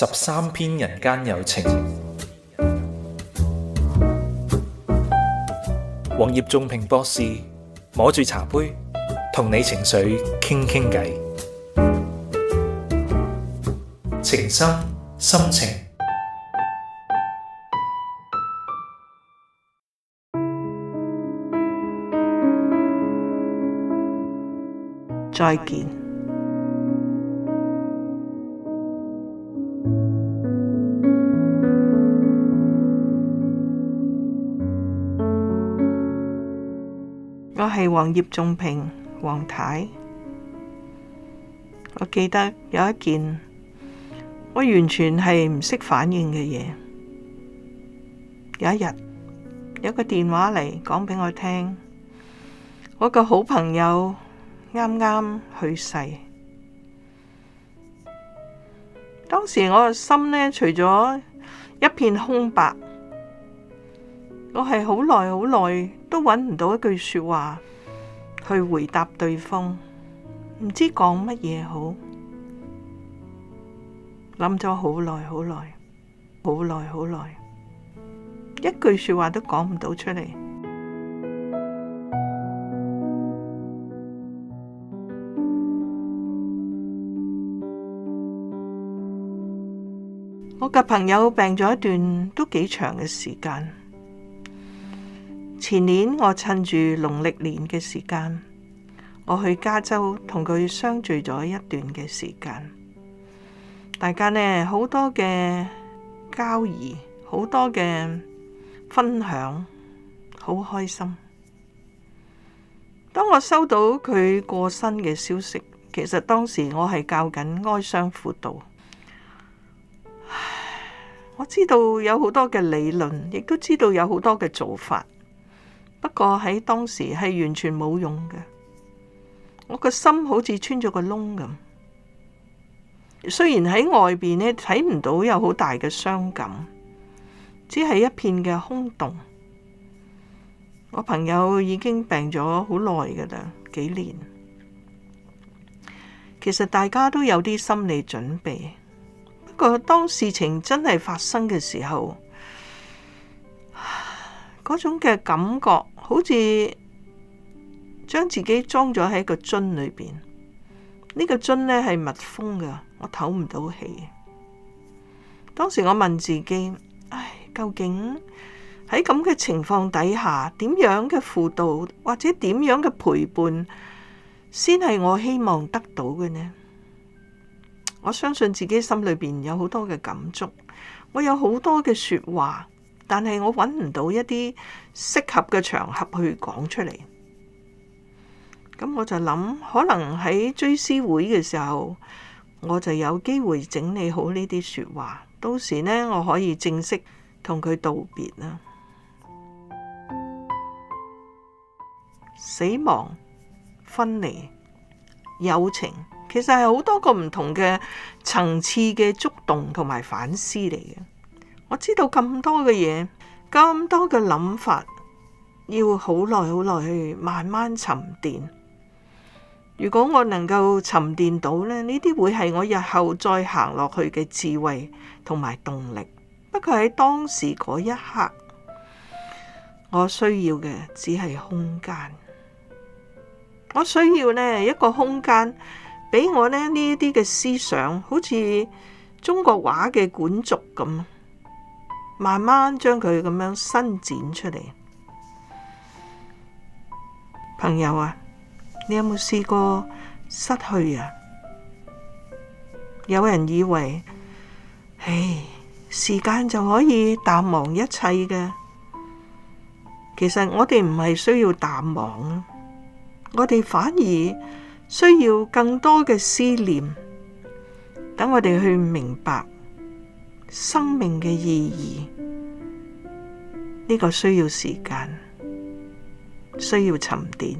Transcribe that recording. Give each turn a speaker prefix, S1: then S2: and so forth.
S1: 十三篇人間有情，黃葉仲萍博士摸住茶杯，同你情緒傾傾偈：「澄心深情，再見。我係黃葉仲萍黃太，我記得有一件我完全係唔識反應嘅嘢。有一日有一個電話嚟講俾我聽，我個好朋友啱啱去世。當時我個心呢，除咗一片空白。我係好耐好耐都搵唔到一句說話去回答對方，唔知講乜嘢好，諗咗好耐好耐，好耐好耐，一句說話都講唔到出嚟。 我嘅朋友病咗一段都幾長嘅時間。前年我趁住農曆年嘅時間，我去加州同佢相聚咗一段嘅時間。大家呢好多嘅交誼，好多嘅分享，好開心。當我收到佢過身嘅消息，其實當時我係教緊哀傷輔導，唉，我知道有好多嘅理論，亦都知道有好多嘅做法。不過喺當時係完全冇用嘅，我個心好似穿咗個窿咁。雖然喺外邊呢睇唔到有好大嘅傷感，只係一片嘅空洞。我朋友已經病咗好耐㗎喇，幾年。其實大家都有啲心理準備，不過當事情真係發生嘅時候。嗰種嘅感覺，好似將自己裝咗喺個樽裏邊，這個、呢個樽呢係密封嘅，我唞唔到氣。當時我問自己：唉，究竟喺咁嘅情況底下，點樣嘅輔導或者點樣嘅陪伴，先係我希望得到嘅呢？我相信自己心裏邊有好多嘅感觸，我有好多嘅説話。但係我揾唔到一啲適合嘅場合去講出嚟，咁我就諗，可能喺追思會嘅時候，我就有機會整理好呢啲説話，到時呢，我可以正式同佢道別啦。 死亡、分離、友情，其實係好多個唔同嘅層次嘅觸動同埋反思嚟嘅。我知道咁多嘅嘢，咁多嘅諗法，要好耐好耐去慢慢沉澱。如果我能夠沉澱到咧，呢啲會係我日後再行落去嘅智慧同埋動力。不過喺當時嗰一刻，我需要嘅只係空間。我需要呢一個空間，俾我咧呢一啲嘅思想，好似中國畫嘅管族咁。慢慢將佢咁樣伸展出嚟，朋友啊，你有冇試過失去啊？有人以為，唉，時間就可以淡忘一切嘅。其實我哋唔係需要淡忘啊，我哋反而需要更多嘅思念，等我哋去明白生命嘅意義。呢個需要時間，需要沉澱。